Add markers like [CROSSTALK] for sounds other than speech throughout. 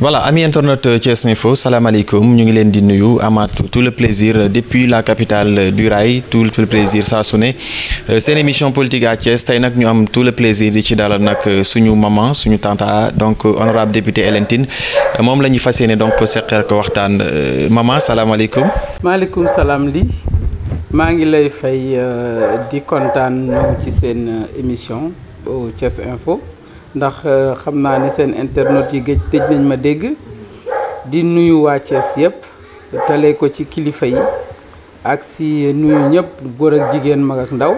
voilà amis internautes Thiès Info salaamaaleykum ñu ngi leen di nuyu amaat tout le plaisir depuis la capitale du rail tout le plaisir saa su ne euh, seen émission politique à tey nag ñu am tout le plaisir di ci dalal nag euh, suñu maman suñu tanta donc euh, honorable député Hélène moom la ñuy fas yéene donc seqal ko waxtaan maman salaamaaleykum. maaleykum salaam li maa ngi lay fay di kontaan ci seen émission au Info. ndax euh, xam naa ne seen internet yi géej tëj nañ ma dégg di nuyu waa Thiès yëpp tale ko ci kilifa yi ak si nuyu ñëpp góor ak jigéen mag ak ndaw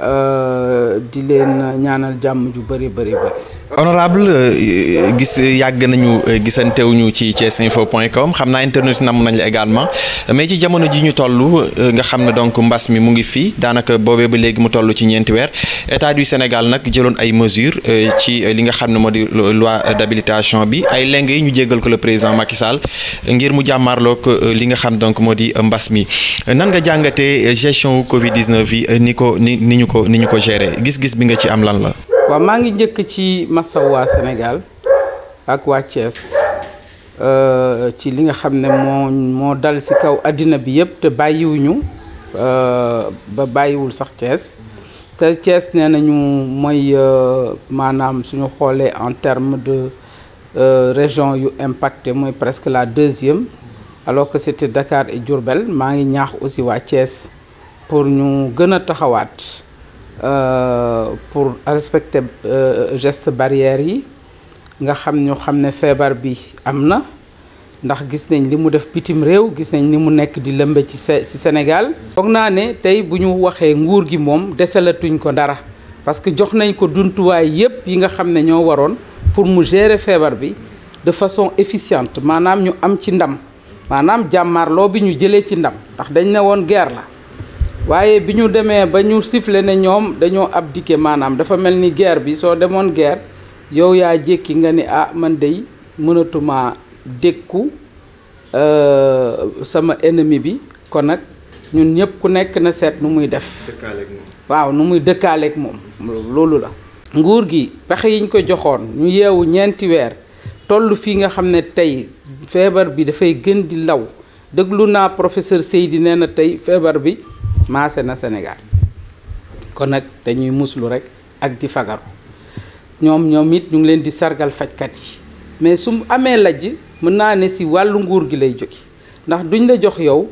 euh, di leen ñaanal jàmm ju bëri bëri bëri honorable euh, gis yàgg nañu euh, gisantewuñu ci Thiès info point com xam naa internet nam nañ la également mais ci jamono ji ñu toll euh, nga xam na donc mbas mi mu ngi fii daanaka boobee ba léegi mu toll ci ñeenti weer état du Sénégal nag jëloon ay mesures ci li nga xam ne moo di loi d'habilitation bi ay leng yi ñu jéggal ko la président Macky Sall ngir mu jàmmaarloog li nga xam donc moo di mbas mi nan nga jàngatee gestion Covid 19 yi ni ko ni ni ñu ko ni ñu ko gérer gis-gis bi nga ci am lan la. maa ngi njëkk ci masaw waa Sénégal ak waa Thiès euh, ci li nga xam ne moo moo dal si kaw àddina bi yëpp te bàyyiwuñu euh, ba bàyyiwul sax cees te Thiès nee nañu mooy euh, maanaam suñu xoolee en terme de région yu impacte mooy presque la deuxième alors que c'était Dakar et Diourbel maa ngi ñaax aussi waa Thiès pour ñu gën a taxawaat Euh, pour respecter euh, geste barrière yi nga xam ñoo xam ne feebar bi am na ndax gis nañ li mu def bitim réew gis nañ ni mu nekk di lëmbe ci ci Sénégal foog naa ne tey bu ñu waxee nguur gi moom desalatuñ ko dara parce que jox nañ ko duntuwaay yépp yi nga xam ne ñoo waroon pour mu gérer feebar bi de façon efficiente maanaam ñu am ci ndam maanaam jàmmaarloo bi ñu jëlee ci ndam ndax dañ ne woon guerre la waaye bi ñu demee ba ñu sifflé ne ñoom dañoo ab dikke maanaam dafa mel ni guerre bi soo demoon guerre yow yaa jékki nga ni ah man dey mënatuma dékku euh, sama ennemi bi kon nag ñun ñëpp ku nekk na seet nu muy def waaw nu muy dëkkaaleeg moom loolu la nguur gi pexe yiñ ko joxoon ñu yeewu ñeenti weer toll fii nga xam ne tey feebar bi dafay gën di law déglu naa professeur Seydi nee na tey feebar bi maase na Sénégal kon nag dañuy muslu rek ak di fagaru ñoom ñoom it ñu ngi leen di sargal fajkat yi mais su amee lajj mën naa ne si wàllu nguur gi lay jóge ndax duñ la jox yow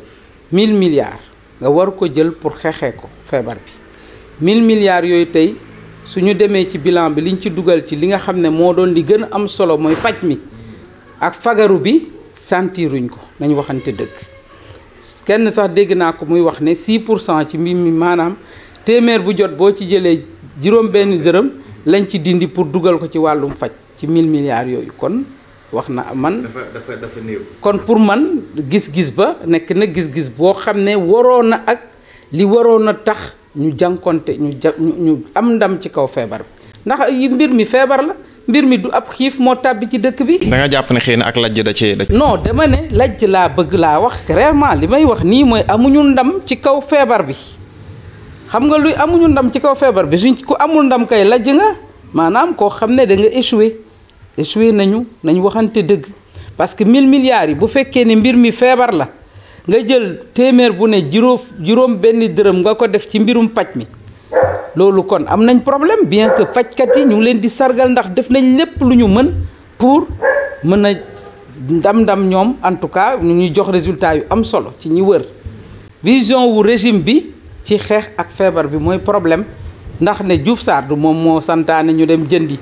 1000 milliards nga war ko jël pour xeexee ko feebar bi 1000 milliards yooyu tey su ñu demee ci bilan bi liñ ci dugal ci li nga xam ne moo doon li gën a am solo mooy faj mi ak fagaru bi santiiruñ ko nañ waxante dëgg kenn sax dégg naa ko muy wax ne 6 pour cent ci mbir mi maanaam téeméer bu jot boo ci jëlee juróom benn dërëm lañ ci dindi pour dugal ko ci wàllum faj ci 1000 milliards yooyu kon wax na man kon pour man gis-gis ba nekk na gis-gis boo xam ne waroon na ak li waroon a tax ñu jànkonte ñu ja ñu am ndam ci kaw feebar bi ndax mbir mi feebar la mbir mi du ab xiif moo tàbbi ci dëkk bi. da jàpp ne xëy na ak lajj da cee da non dama ne lajj laa bëgg laa wax vraiment li may wax nii mooy amuñu ndam ci kaw feebar bi xam nga luy amuñu ndam ci kaw feebar bi suñ ku amul ndam kay lajj nga maanaam koo xam ne da nga échoué échoué nañu nañu waxante dëgg parce que 1000 milliards yi bu fekkee ne mbir mi feebar la nga jël téeméer bu ne juróom juróom benn dërëm nga ko def ci mbirum paj mi. loolu kon am nañ problème bien que fajkat yi ñu leen di sargal ndax def nañ lépp lu ñu mën pour mën na ndam-ndam ñoom en tout cas ñu ñuy jox résultat yu am solo ci ñi wër vision wu régime bi ci xeex ak feebar bi mooy problème ndax ne Diouf Sarr moom moo santaane ñu dem jëndi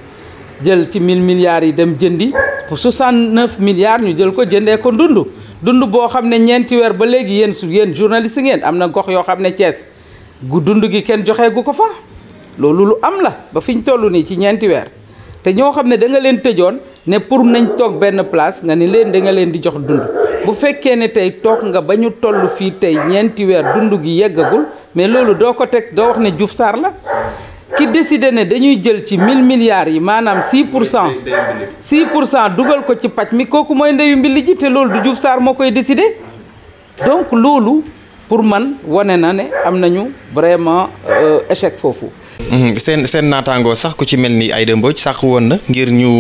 jël ci 1000 milliards yi dem jëndi pour 69 milliards ñu jël ko jëndee ko dund dund boo xam ne ñeenti weer ba léegi yéen su yéen journaliste ngeen am na gox yoo xam ne cees gu dund gi kenn joxee gu ko fa loolu lu am la ba fi ñu tollu nii ci ñeenti weer te ñoo xam ne da nga leen tëjoon ne pour nañ toog benn place nga ni leen da nga leen di jox dund bu fekkee ne tey toog nga ba ñu toll fii tey ñeenti weer dund gi yeggagul mais loolu doo ko teg doo wax ne Diouf saar la ki décidé ne dañuy jël ci 1000 milliards yi maanaam 6 pour cent 6 pour cent dugal ko ci paj mi kooku mooy ndeyu mbili ji te loolu du Diouf saar moo koy décidé donc loolu pour man wane na ne am nañu vraiment euh, échec foofu. Mhm. seen seen naataangoo sax ku ci mel ni Aïda Mbodj sax woon na ngir ñu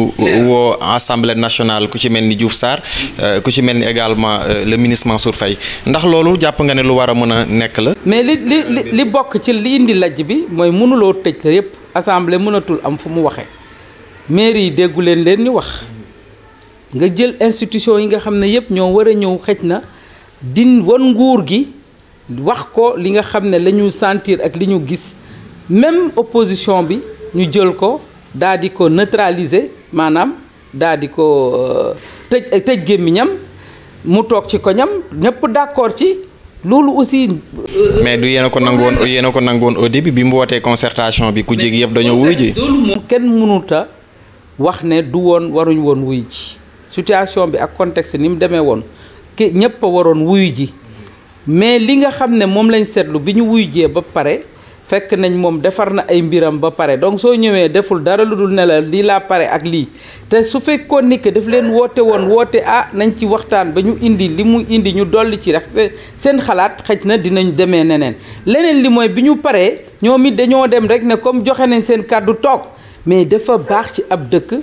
woo assemblée nationale ku ci mel ni Diouf Sarr euh, ku ci mel ni également euh, le ministre Mansour Faye ndax loolu jàpp nga ne lu war a mën a nekk la. mais li li li bokk ci li indi lajj bi mooy mënuloo tëj yépp assemblée mënatul am fu mu waxee mairie yi déggu leen leen ñu wax nga jël institution yi nga xam ne yépp ñoo war a ñëw xëj na din won nguur gi. wax ko li nga xam ne la ñu sentir ak li ñu gis même opposition bi ñu jël ko daa di ko neutraliser maanaam daa di ko euh, tëj tëj gémmiñam mu toog ci ko ñam ñëpp d'accord ci loolu aussi. Euh, mais du yéen ko nangu woon yéen a ko au début bi mbootee wootee concertation bi ku jeg yëpp dañoo wuy ji. loolu mu kenn mënuta wax ne du woon waruñ woon wuy ji situation bi ak contexte ni mu demee woon ki ñëpp a waroon wuyu ji. mais li nga xam ne moom lañ seetlu bi ñu wuy ba pare fekk nañ moom defar na ay mbiram ba pare donc soo ñëwee deful dara lu dul ne la lii laa pare ak lii te su fekkoon ni que daf leen woote woon woote ah nañ ci waxtaan ba ñu indi li mu indi ñu dolli ci rek seen xalaat xëj na dinañ demee neneen leneen li mooy bi ñu paree ñoom it dañoo dem rek ne comme joxe nañ seen kàddu toog mais dafa baax ci ab dëkk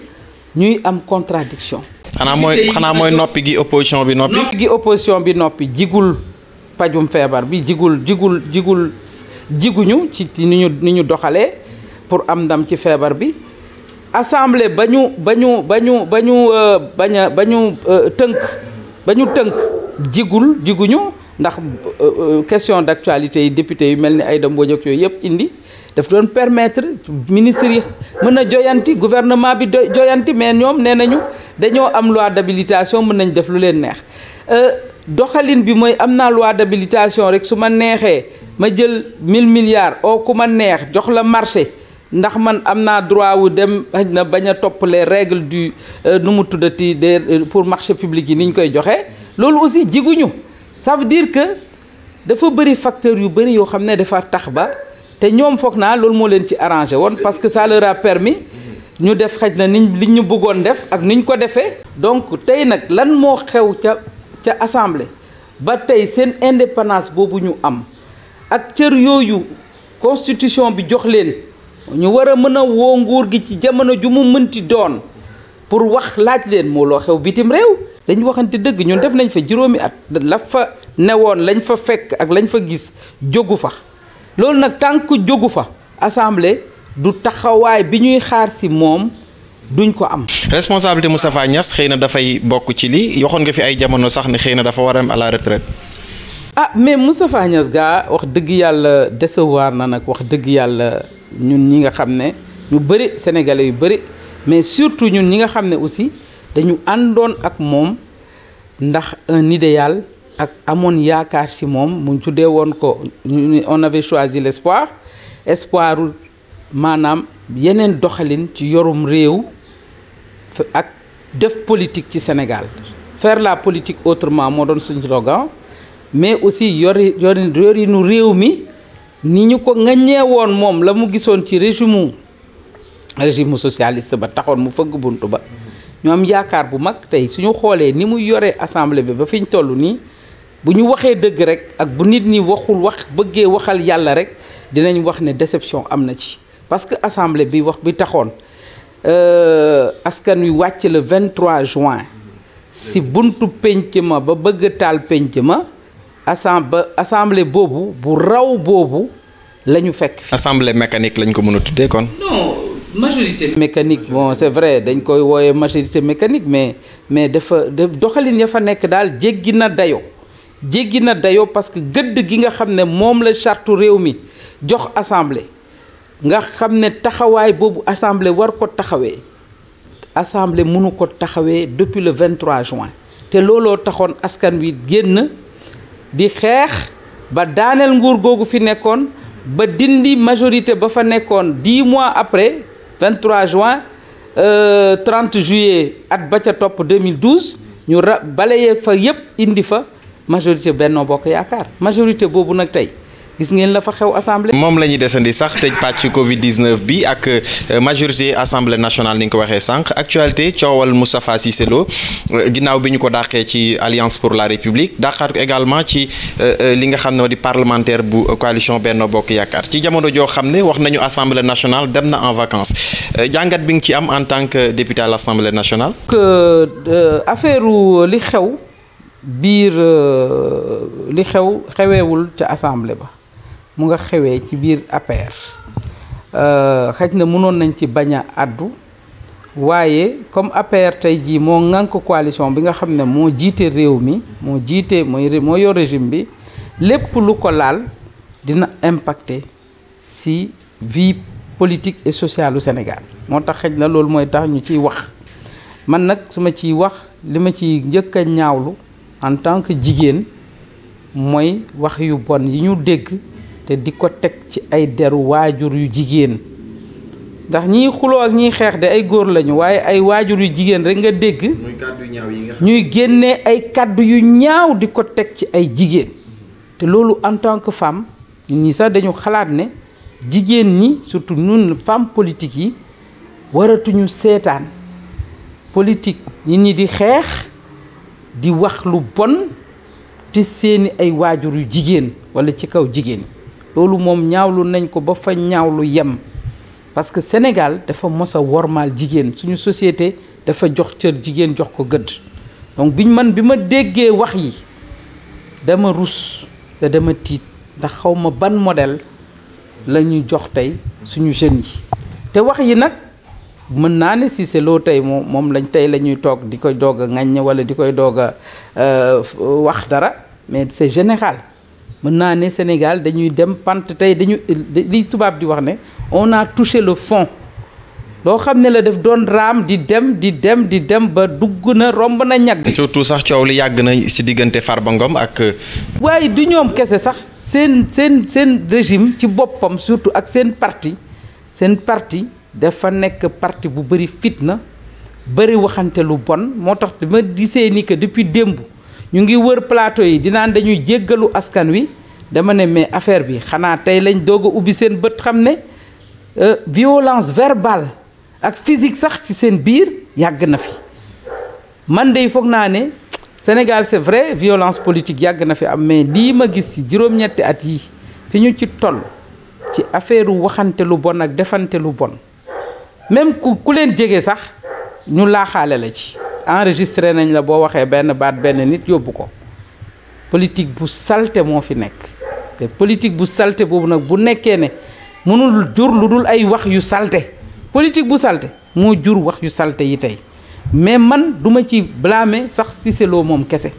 ñuy am contradiction xanaa mooy xanaa mooy noppi gi opposition bi noppi gi opposition bi noppi jigul pajum feebar bi jigul jigul jigul jiguñu ci ni ñu ni ñu doxalee pour am ndam ci feebar bi assemblée ba ñu ba ñu ba ñu ba ñu euh, bañ a ba euh, tënk ba ñu tënk jigul jiguñu ndax euh, question d'actualité yi député yu mel ni ay Mbodj ak yooyu yëpp indi daf doon permettre ministre yi mën a joyanti gouvernement bi joyanti mais ñoom nee nañu dañoo am loi d'habilitation mën nañ def lu leen neex doxalin bi mooy am naa loi d'habilitation rek su ma neexee ma jël mille milliards oo ku ma neex jox la marché ndax man am naa droit wu dem xëj na bañ a topp les règles du euh, nu mu tuddati des euh, pour marché public yi ni ñu koy joxe loolu aussi jiguñu ça veut que dafa bëri facteur yu bëri yoo xam ne defar tax ba te ñoom foog naa loolu moo leen ci arrangé woon parce que ça leur permis ñu def xaj na ni li ñu bëggoon def ak ni ñu ko defee donc tey nag lan moo xew ca ca assemblée ba tey seen indépendance boobu ñu am ak cër yooyu constitution bi jox leen ñu war a mën a woo nguur gi ci jamono ju mu mënti doon pour wax laaj leen moo loo xew bitim réew dañu waxante dëgg ñu def nañ fa juróomi at laf fa ne woon lañ fa fekk ak lañ fa gis jógu fa loolu nag tànk jógu fa assemblée du taxawaay bi ñuy xaar si moom duñ ko am. responsabilité Moustapha Niass xëy na dafay bokk ci lii waxoon nga fi ay jamono sax ne xëy na dafa war a dem ah mais Moustapha Niass gaa wax dëgg yàlla décevoir na nag wax dëgg yàlla ñun ñi nga xam ne ñu bëri sénégalais yu bëri mais surtout ñun ñi nga xam ne aussi dañu àndoon ak moom ndax un idéal ak amoon yaakaar ci moom mu tuddee woon ko on avait choisi l'espoir espoir maanaam yeneen doxalin ci yorum réew. ak def politique ci Sénégal faire la politique autrement moo doon suñu slogan mais aussi yori yori yorinu réew mi ni ñu ko ŋaññee woon moom la mu gisoon ci régime régime socialiste ba taxoon mu fëgg bunt ba ñu am yaakaar bu mag tey suñu xoolee ni mu yoree assemblée bi ba fi ñu toll nii bu ñu waxee dëgg rek ak bu nit ñi waxul wax bëggee waxal yàlla rek dinañ wax ne déception am na ci parce que assemblée bi wax bi taxoon euh, askan wi wàcc le 23 juin si buntu pénc ma ba bëgg taal pénc ma assemblée boobu bu raw boobu la ñu fekk fi assemblée mécanique lañ ko mën a tuddee kon non majorité mécanique bon c'est vrai dañ koy wooye majorité mécanique mais mais dafa doxalin ya fa nekk daal jéggi na dayo jéggi na dayo parce que gëdd gi nga xam ne moom la chartu réew mi jox assemblée nga xam ne taxawaay boobu assemblée war ko taxawee assemblée mënu ko taxawee depuis le 23 juin te looloo taxoon askan wi génn di xeex ba daaneel nguur googu fi nekkoon ba dindi majorité ba fa nekkoon 10 mois après 23 juin 30 euh, juillet at ba ca topp 2012 ñu ra balayee fa yépp indi fa majorité Benno Bokk Yaakaar majorité boobu nag tey gis ngeen la fa xew assemblée. moom la ñuy desandi sax tëj pàcc Covid 19 bi ak euh, majorité assemblée nationale ni nga ko waxee sànq actualité coowal Moustapha Cissé Lo euh, ginnaaw bi ñu ko dàqee ci alliance pour la république dàqaat ko également ci euh, li nga xam ne di parlementaire bu coalition benn Bokk Yaakaar ci jamono joo xam ne wax nañu assemblée nationale dem na en vacances jàngat bi nga ci am en tant que député à l' assemblée nationale. affaire li xew biir li xew xeweewul ca ba. mu nga xewee ci biir APR euh, xaj na mënoon nañ ci bañ a àddu waaye comme APR tey jii moo ŋànk coalition bi nga xam ne moo jiite réew mi moo jiite mooy moo yor régime bi lépp lu ko laal dina impacter si vie politique et sociale u Sénégal moo tax xaj na loolu mooy tax ñu ciy wax man nag su ma ciy wax li ma ciy njëkk a ñaawlu en tant que jigéen mooy wax yu bon yi ñu dégg te di ko teg ci ay deru waajur yu jigéen ndax ñiy xuloo ak ñiy xeex de ay góor lañu waaye ay waajur yu jigéen rek nga dégg ñuy génnee ay kàddu yu ñaaw di ko teg ci ay jigéen te loolu en tant que femme ñun ñi sax dañu xalaat ne jigéen ñi surtout ñun femme politique yi waratuñu seetaan politique ñi ñi di xeex di wax lu bon ci seeni ay waajur yu jigéen walla ci kaw jigéen loolu moom ñaawlu nañ ko ba fa ñaawlu yem parce que Sénégal dafa mos a wormaal jigéen suñu societé dafa jox cër jigéen jox ko gëdd donc biñ man bi ma déggee wax yi dama rus te dama tiit ndax xaw ma ban modèle la ñu jox tey suñu jeunes yi te wax yi nag mën naa ne si c'est loo tey moom moom lañ tey la ñuy toog di koy doog a ŋaññ wala di koy doog a euh, wax dara mais c'est général mën naa ne Sénégal dañuy dem pant tey dañu li tubaab di wax ne on naa touché le fond loo xam ne la def doon raam di dem di dem di dem ba dugg na romb na ñag surtout sax coow li yàgg na si diggante Farba Ngom ak. Euh, waaye du ñoom kese sax seen seen seen régime ci boppam surtout ak seen parti seen parti dafa nekk parti bu bëri fitna bëri waxante lu bon moo tax dama gisee ni que depuis démb. ñu ngi wër plateau yi dinaan dañuy jéggalu askan wi dama ne mais affaire bi xanaa tey lañ doog a ubbi seen bët xam ne euh, violence verbale ak physique sax ci seen biir yàgg na fi man dey foog naa ne Sénégal c'est vrai violence politique yàgg na fi am mais lii ma gis ci juróom-ñetti at yi fi ñu ci toll ci affaire waxante lu bon ak defante lu bon même ku ku leen jege sax ñu laaxaale la ci enregistré nañ la boo waxee benn baat benn nit yóbbu ko politique bu salte moo fi nekk te politique bu salte boobu nag bu nekkee ne mënul jur lu dul ay wax yu salte politique bu salte moo jur wax yu salte yi tey mais man duma ci blâmer sax Cissé Lo moom kese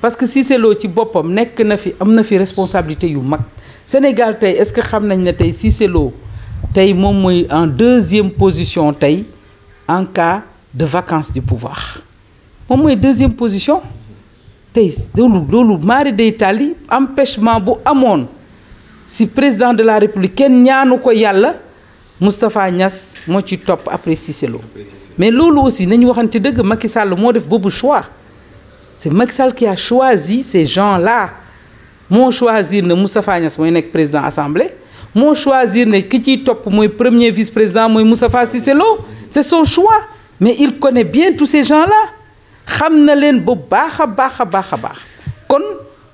parce que Cissé ci boppam nekk na fi am na fi responsabilité yu mag Sénégal tey est-ce que xam nañ ne tey Cissé Lo tey moom mooy en deuxième position tey en de vacance du pouvoir moom mooy deuxième position tey loolu loolu maari day tàlli empêchement bu amoon si président de la république kenn ñaanu ko yàlla Moustapha Niass moo ci topp après Cissé Lo mais loolu aussi nañu waxante dëgg Macky Sall moo def boobu choix c' est Macky Sall qui a choisi ces gens là moo choisir na Moustapha Niass mooy nekk président assemblée moo choisir ne ki ciy topp mooy premier vice président mooy Moustapha Cissé Lo c' est mais il connaît bien tous ces gens-là xam na leen bu baax a baax a baax a baax kon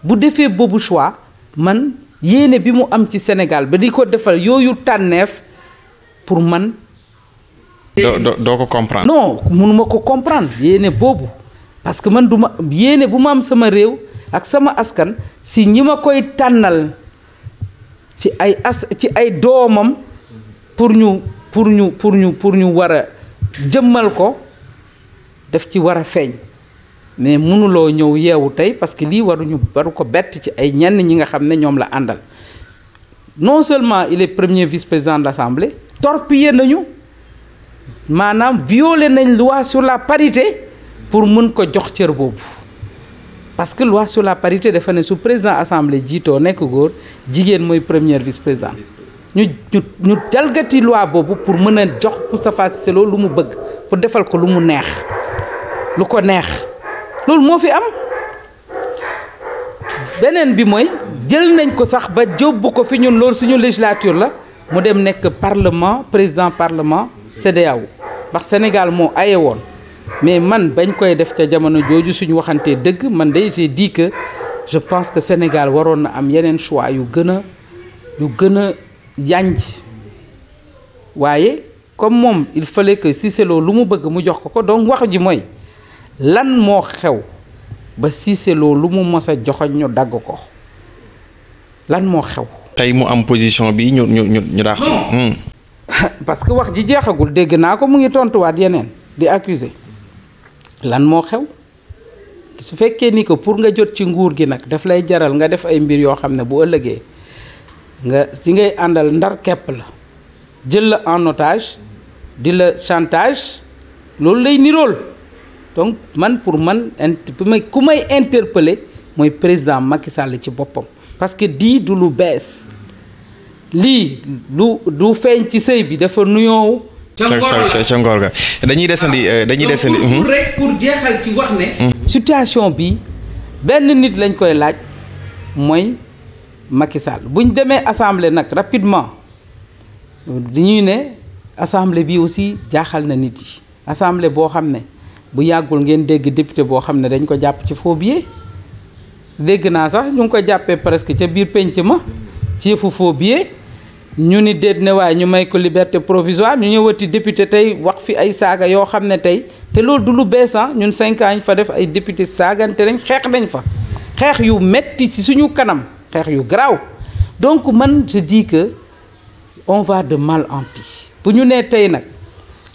bu defee boobu choix man yéene bi mu am ci Sénégal ba di ko defal yooyu tànneef pour man. doo doo ko comprendre. non mënuma ko comprendre yéene boobu parce que man duma ma yéene bu ma am sama réew ak sama askan si ñi ma koy tànnal ci ay as ci ay doomam pour ñu pour ñu pour ñu pour ñu war a. jëmmal ko daf ci war a feeñ mais munuloo ñëw yeewu tey parce que lii waruñu waru ko bett ci ay ñenn ñi nga xam ne ñoom la àndal non seulement il est premier vice-président de l'Assemblée torpillé nañu maanaam violé nañ loi sur la parité pour mun ko jox cër boobu parce que loi sur la parité dafa ne su président assemblée jiitoo nekk góor jigéen mooy première vice-président ñu ñu jalgati loi boobu pour mën a jox Moustapha Cissé Lo lu mu bëgg pour defal ko lu mu neex lu ko neex loolu moo fi am beneen bi mooy jël nañ ko sax ba jóbbu ko fi ñu loolu suñu législature la mu dem nekk parlement président parlement CEDEAO ndax Sénégal moo aye woon mais man bañ koy def ca jamono jooju suñu waxantee dëgg man de j'ai dit que je pense que Sénégal waroon na am yeneen choix yu gën yu gën a yanj waaye comme moom il fallait que Cissé lu mu bëgg mu jox ko ko donc wax ji mooy lan moo xew ba Cissé lu mu mos a joxoñ ñu dagg ko lan moo xew. tey mu am position bi ñu ñu ñu ñu daax hmm. [LAUGHS] parce que wax ji jeexagul dégg naa ko mu ngi tontuwaat yeneen di accuser lan moo xew su fekkee ni ko pour nga jot ci nguur gi nag daf lay jaral nga def ay mbir yoo xam ne bu ëllëgee. nga ci ngay àndal ndar kepp la jël la en otage di la chantage loolu lay nirool donc man pour man int ku may interpeller mooy président Macky Sall ci boppam parce que di du lu bees lii lu du feeñ ci sëy bi dafa nuyoo ca ngoor ga dañuy desandi euh, dañuy desandi pour mhm. rek mhm. bi benn nit lañ koy laaj mooy Macky Sall bu ñu demee assemblée nag rapidement dañuy ne assemblée bi aussi jaaxal na nit yi assemblée boo xam ne bu yàggul ngeen dégg député boo xam ne dañ ko jàpp ci phobie dégg naa sax ñu ngi ko jàppee presque ca biir penc ma ci yëfu phobie ñu ni déet ne waaye ñu may ko liberté provisoire ñu ñëwati député tey wax fi ay saaga yoo xam ne tey te loolu du lu bees ah, ñun cinq ans ñu fa def ay député saagante nañ xeex nañ fa xeex yu metti ci suñu kanam xeex yu garaaw donc man je dis que on va de mal en pis bu ñu nee tey nag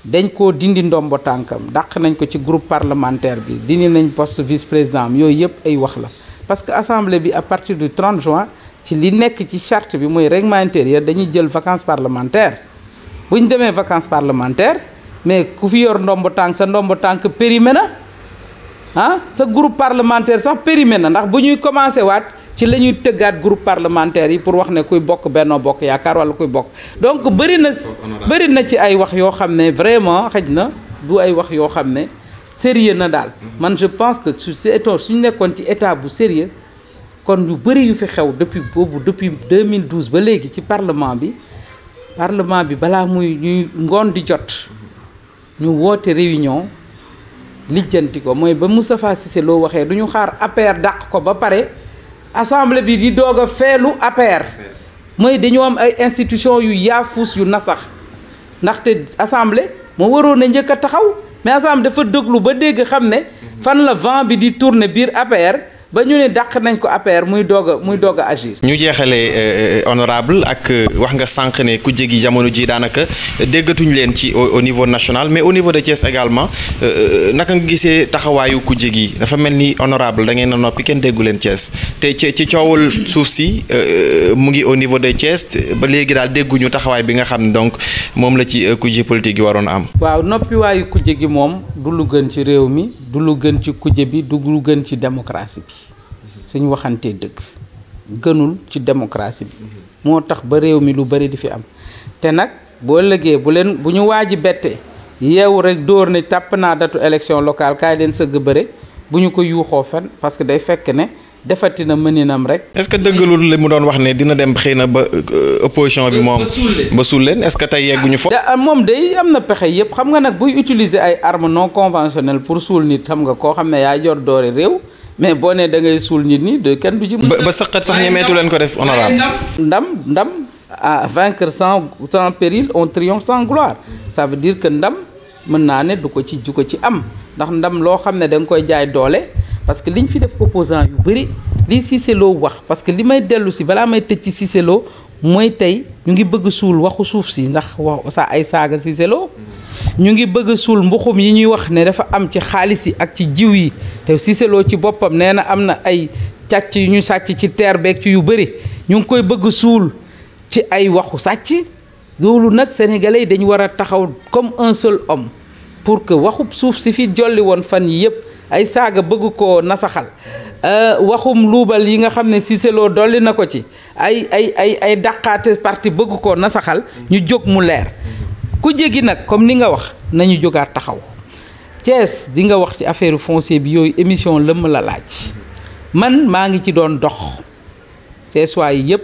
dañ ko dindi ndombo tànkam dàq nañ ko ci groupe parlementaire bi dindi nañ poste vice président am yooyu yëpp ay wax la parce que assemblée bi à partir du 30 juin ci li nekk ci charte bi mooy règlement intérieur dañuy jël vacances parlementaires bu ñu demee vacances parlementaires mais ku fi yor ndombo tànk sa ndombo tànk périmé na ah sa groupe parlementaire sax périmé na ndax bu ñuy commencé waat ci la ñuy tëggaat groupe parlementaire yi pour wax ne kuy bokk Benno Bokk Yaakaar wala kuy bokk donc bëri na bëri na ci ay wax yoo xam ne vraiment xëj na ay wax yoo xam ne sérieux na daal man je pense que su état suñu nekkoon ci état bu sérieux kon yu bëri yu fi xew depuis boobu depuis 2012 ba léegi ci parlement bi parlement bi balaa muy ñuy ngoon di jot ñu woote réunion lijjanti ko mooy ba Moustapha Cissé loo waxee du ñu xaar APR dàq ko ba pare assemblée bi di doog a feelu APR mooy dañoo am ay institution yu yaafus yu nasax ndaxte assemblée moo waroon a njëkk a taxaw mais assemblée dafa déglu ba dégg xam ne fan la vent bi di tourner biir APR ba ñu ne dàq nañ ko APR muy doog muy doog a agir. ñu jeexalee euh, euh, honorable ak euh, wax nga sànq ne ku gi jamono ji daanaka déggatuñ leen ci au niveau national mais au niveau de Thiès également naka nga gisee taxawaayu ku gi dafa mel ni honorable da ngeen na noppi kenn déggu leen Thiès te ci ci coowal suuf si mu ngi au niveau de Thiès ba léegi daal dégguñu taxawaay bi nga xam ne donc moom la ci kujje politique yi waroon am. waaw noppiwaayu kujje gi moom du ci réew mi. du lu gën ci kuje bi du lu gën ci démocratie bi suñu waxantee dëgg gënul ci démocratie bi moo tax ba réew mi lu bari di fi am te nag boo lëgee bu leen bu ñu waaji bettee yeewu rek dóor ne tàpp naa datu élection locale kaay leen sëgg bëre bu ñu ko yuuxoo fen parce que day fekk ne defati na mëninam rek. est-ce que dëggalul li mu doon wax ne dina dem xëy na ba euh, opposition bi moom. ba suul leen est-ce que tey yegguñu fo. Ah, da moom day am na pexe yëpp xam nga nag buy utiliser ay armes non conventionnelles pour suul nit xam nga koo xam ne yaa jor doore réew mais boo nee da ngay suul nit ñi de kenn du ci. ba ba sëqat sax ñemeetu leen ko def honorable ndam ndam à vaincre sans sans péril on triomphe sans gloire ça veut dire que ndam mën naa ne du ko ci du ko ci am ndax ndam loo xam ne da nga koy jaay doole. parce que liñ fi def opposant yu bëri lii Cissé Lo wax parce que li may dellu si balaa may tëj ci Cissé mooy tey ñu ngi bëgg suul waxu suuf si ndax wax sa ay saaga Cissé Lo ñu ngi bëgg a suul mbuxum yi ñuy wax ne dafa am ci xaalis yi ak ci jiw yi te Cissé ci boppam nee na am na ay càcc yu ñu sàcc ci teer yu bëri ñu ngi koy bëgg suul ci ay waxu sàcc loolu nag sénégalais yi dañu war a taxaw comme un seul homme pour que waxu suuf si fi jolli woon fan yii yëpp ay saaga bëgg koo nasaxal euh, waxum luubal yi nga xam ne siseloo Lo dolli na ko ci ay ay ay ay dàqaate parti bëgg koo nasaxal ñu jóg mu leer ku jégi nag comme ni nga wax nañu jógaat taxaw Thiès di nga wax ci affaire foncier bi yooyu émission lëmm la laaj man maa ngi ci doon dox Thiès waay yëpp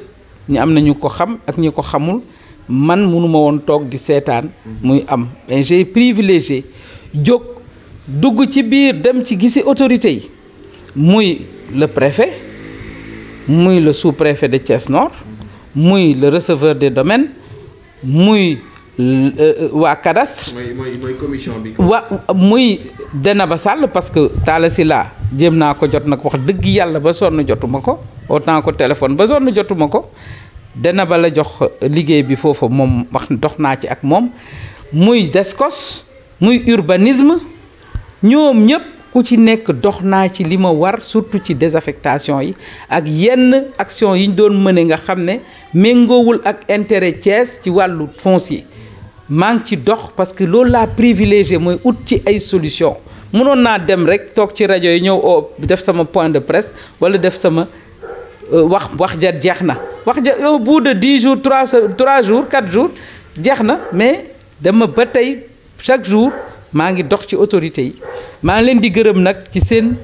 ñu am nañu ko xam ak ñu ko xamul man mënuma woon toog di seetaan muy am mais j'ai privilégié jóg dugg ci biir dem ci gisi autorité yi muy le préfet muy le sous-préfet de Thiès Nord muy le receveur des domaines muy euh, waa cadastre waa muy ba sàll parce que Talla jéem naa ko jot nag wax dëgg yàlla ba sonn jotuma ko autant ko téléphone ba sonn jotuma ko Dieynaba la jox liggéey bi foofa moom wax dox naa ci ak moom muy descos muy urbanisme ñoom ñëpp ku ci nekk dox naa ci li ma war surtout ci désaffectation yi ak yenn action yi ñu doon mëne nga xam ne méngoowul ak intérêt Thiès ci wàllu foncier maa ngi ci dox parce que loolu laa privilégié mooy ut ci ay solution mënoon naa dem rek toog ci rajo yi ñëw oo oh, def sama point de presse wala def sama euh, wax wax ja jeex na wax ja au de dix jours trois trois jours quatre jours jeex na mais dama ba tey chaque jour maa ngi dox ci autorité yi maa ngi leen di gërëm nag ci seen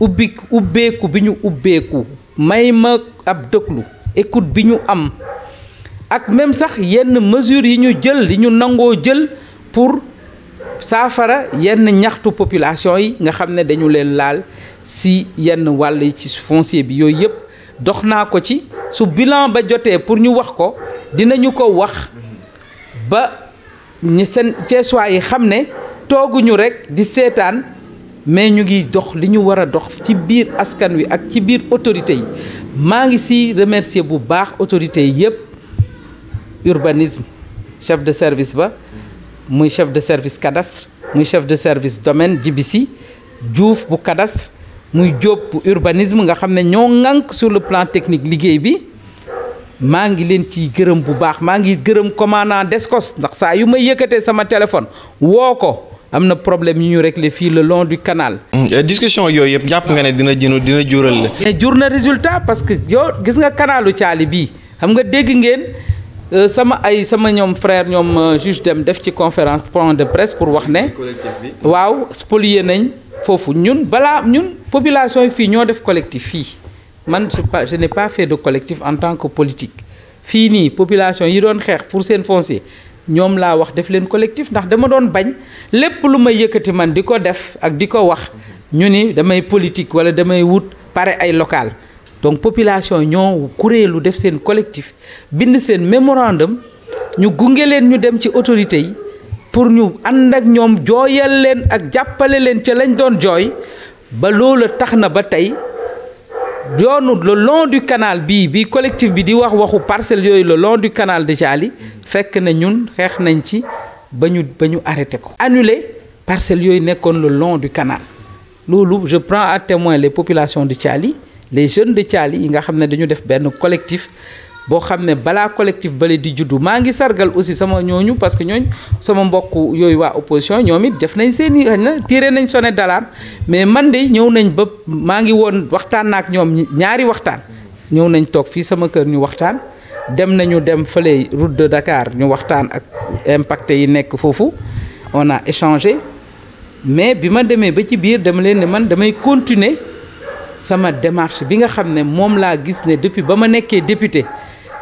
ubbi ubbeeku bi ñu ubbeeku may ma ab dëglu écoute bi ñu am ak même sax yenn mesures yi ñu jël yi ñu nangoo jël pour saafara yenn ñaxtu population yi nga xam ne dañu leen laal si yenn wàll yi ci foncier bi yooyu yëpp dox naa ko ci su bilan ba jotee pour ñu wax ko dinañu ko wax ba ñu seen Ceesuwaay yi xam ne tooguñu rek di seetaan mais ñu ngi dox li ñu war a dox ci biir askan wi ak ci biir autorités yi maa ngi si remercier bu baax autorité yi yëpp urbanisme chef de service ba muy chef de service cadastre muy chef de service domaine jibisi Diouf bu cadastre muy Diop bu urbanisme nga xam ne ñoo ŋànk sur le plan technique liggéey bi maa ngi leen ci gërëm bu baax maa ngi gërëm commandant Descos ndax saa yu may yëkkatee sama téléphone woo ko am na problème yu ñu le fii le long du canal. Mm, euh, discussion yooyu yëpp jàpp nga ne dina dina dina jural la. mais jur na résultat parce que yow gis nga canalu caali bii xam nga dégg ngeen. Euh, sama ay sama ñoom frère ñoom euh, juge dem def ci conférence point de presse pour wax ne waaw spolié nañ foofu ñun balaa ñun population yi fii ñoo def collectif fii man je n'ai pas fait de collectif en tant que politique fii nii population yi doon xeex pour seen foncier ñoom laa wax def leen collectif ndax dama doon bañ lépp lu may yëkkati man di ko def ak di ko wax ñu ni damay politique wala damay wut pare ay local donc population ñoo kuréelu def seen collectif bind seen mémorandum ñu gunge leen ñu dem ci autorité yi pour ñu ànd ak ñoom jooyal leen ak jàppale leen ca lañ doon jooy ba loola tax na ba tey yoonu le long du canal bii bi collectif bi di wax waxu parcelle yooyu le long du canal de Jali fekk na ñun xeex nañ ci ba ñu ba ñu arrêté ko annulé parcelle yooyu nekkoon le long du canal loolu je prends à témoin les populations de Thiali les jeunes de Thiali yi nga xam ne dañu def benn collectif boo xam ne balaa collectif bale di juddu maa ngi sargal aussi sama ñooñu parce que ñooñu sama mbokk yooyu waa opposition ñoom it def nañ seen i xëy na tiré nañ sonnette d'alarme mais man de ñëw nañ ba maa ngi woon waxtaan na ak ñoom ñaari waxtaan ñëw nañ toog fii sama kër ñu waxtaan dem nañu dem fële route de Dakar ñu waxtaan ak impacte yi nekk foofu on a échangé mais bi ma demee ba ci biir dama leen ne man damay continuer sama démarche bi nga xam ne moom laa gis ne depuis ba ma nekkee député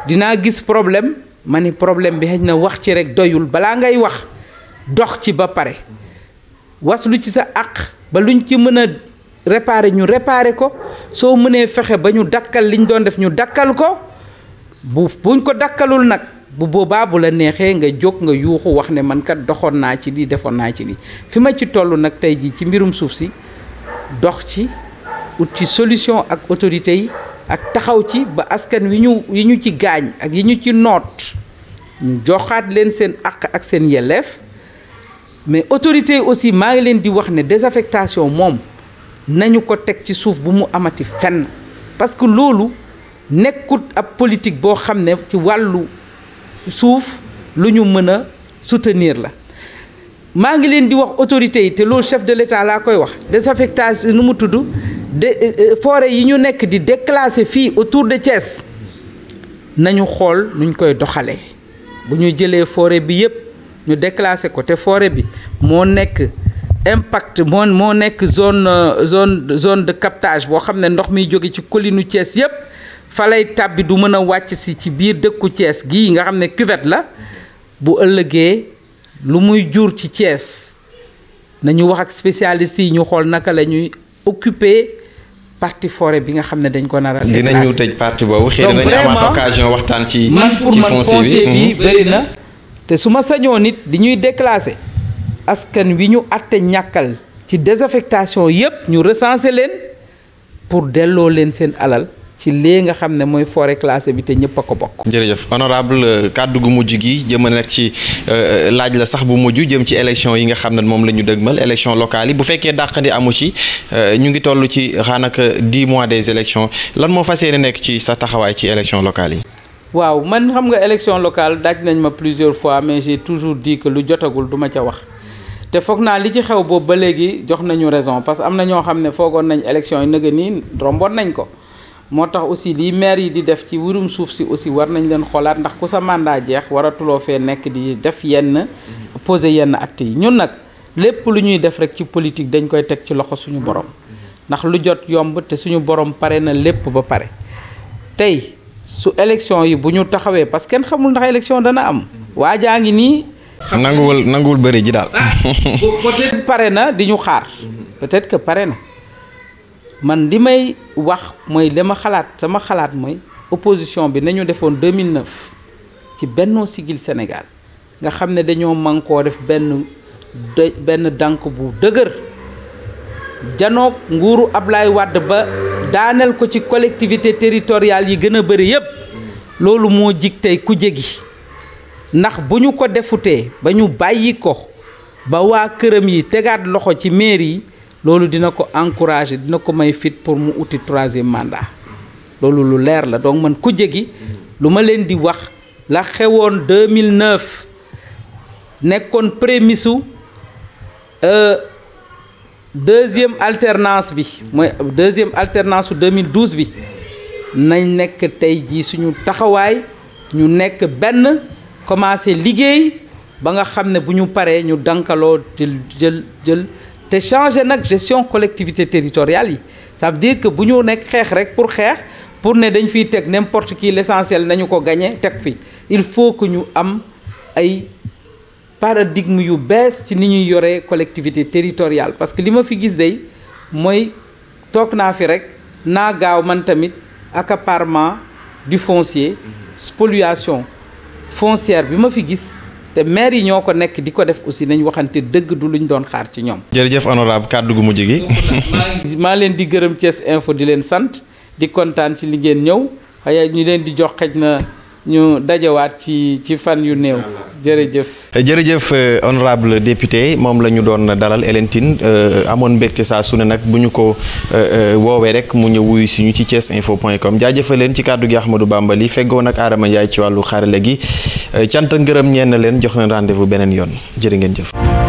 dinaa gis problème ma ni problème bi xëy na wax ci rek doyul balaa ngay wax dox ci ba pare waslu ci sa àq ba luñ ci mën a réparer ñu réparer ko soo mënee fexe ba ñu dakkal liñ doon def ñu dakkal ko bu buñ ko dakkalul nag bu boobaa bu la neexee nga jóg nga yuuxu wax ne mankat doxoon naa ci lii defoon naa ci lii fi ma ci tollu nag tey jii ci mbirum suuf si dox ci ut ci solution ak autorité yi ak taxaw ci ba askan wi ñu yi ñu ci gaañ ak yi ñu ci noot joxaat leen seen àq ak seen yelleef mais autorité yi aussi maa ngi leen di wax ne désaffectation moom nañu ko teg ci suuf bu mu amati fenn parce que loolu nekkut ab politique boo xam ne ci wàllu suuf lu ñu mën a soutenir la maa ngi leen di wax autorités yi te loolu chef de l'État laa koy wax désaffectation nu mu tudd de euh, euh, forêt yi ñu nekk di déclasser fii autour de Thiès nañu xool nuñ koy doxalee bu ñu jëlee forêt bi yépp ñu déclasser ko te forêt bi moo nekk impact moo moo nekk zone euh, zone zone de captage boo xam ne ndox miy jóge ci collinu Thiès yépp falay tàbbi du mën a wàcc si ci biir dëkku Thiès gii nga xam ne cuvette la bu ëllëgee lu muy jur ci Thiès nañu wax ak spécialistes yi ñu xool naka la ñuy occuper parti forêt bi nga xam ne dañ ko nar a. dinañu tëj parti boobu xëy na dañu waxtaan ci. ci foncier bi bëri mhm. na. te su ma sañoo nit di ñuy déclassé askan wi ñu àtte ñàkkal ci désaffectation yépp ñu recensé leen pour delloo leen seen alal. ci lii nga xam ne mooy forêt classée bi te ñëpp a ko bokk. jërëjëf honorable euh, kàddu gu mujj gi jëm nag ci euh, euh, laaj la sax bu mujj jëm ci élection yi nga xam ne moom la ñu dëgmal élection locale yi bu fekkee dàqandi amu ci ñu ngi toll ci xaanaka dix mois des élections lan moo fas yéene nekk ci sa taxawaay ci élection locale yi. waaw man xam nga élection locale daaj nañ ma plusieurs fois mais toujours dit lu jotagul du ca wax te foog naa li ci xew boobu ba léegi jox nañu raison parce que am na ñoo xam ne foogoon nañ élection yi nëgë nii romboon nañ ko. moo tax aussi lii maire yi di def ci wurum suuf si aussi war nañ leen xoolaat ndax ku sa mandat jeex waratuloo fee nekk di def yenn poser yenn actes yi ñun nag lépp lu ñuy def rek ci politique dañ koy teg ci loxo suñu borom ndax lu jot yomb te suñu borom pare na lépp ba pare tey su élection yi bu ñu taxawee parce que kenn xamul ndax élection dana am waa jaa ngi nii nanguwul nanguwul bëri ji daal ah, peut pare na di ñu xaar peut-être que pare na man li may wax mooy li xalaat sama xalaat mooy opposition bi nañu defoon 2009 ci Benno Siggil Sénégal nga xam ne dañoo mànkoo def benn benn dànk bu dëgër janoog nguuru Ablaye Wade ba daaneel ko ci collectivité territoriale yi gën a bëri yépp loolu moo jig tey ku jégi ndax bu ñu ko defutee ba ñu bàyyi ko ba waa këram yi tegaat loxo ci mairie yi loolu dina ko encourager dina ko may fit pour mu uti troisième mandat loolu lu leer la donc man kujje gi lu ma leen di wax la xewoon 2009 nekkoon prémisse u euh, deuxième alternance bi mooy deuxième alternance su 2012 bi nañ nekk tey jii suñu taxawaay ñu nekk benn commencé liggéey ba nga xam ne bu ñu paree ñu dankaloo jël jël jël te changer nag gestion collectivité territoriale yi ça veut dire que bu ñu nekk xeex rek pour xeex pour ne dañ fiy teg n'importe qui l'essentiel nañu ko gagner teg fi il faut que ñu am ay paradigme yu bees ci ni ñuy yoree collectivité territoriale parce que li ma fi gis day mooy toog naa fi rek naa gaaw man tamit accaparement du foncier mhm. spoliation foncière bi ma fi gis te maire yi ñoo ko nekk di ko def aussi nañu waxante dëgg du luñ doon xaar ci ñoom. jërëjëf honorable kàddu gu mujj gi. [LAUGHS] maa leen di gërëm Thiès Info di leen sant di kontaan ci li ngeen ñëw xëy ñu leen di jox xëj na ñu dajawaat ci ci fan yu néew. jërëjëf jërëjëf euh, honorable député moom la ñu doon dalal Hélène Tine euh, amoon mbégte saa su ne nag bu ñu ko euh, woowee rek mu ñëw wuy suñu ci Thiès info point com jaajëfal leen ci kàddu gi Ahmadou Bamba li feggoon ak Adama Ndiaye ci wàllu xarale gi canta ngërëm ñeen leen jox leen rendez beneen yoon jërë ngeen jëf.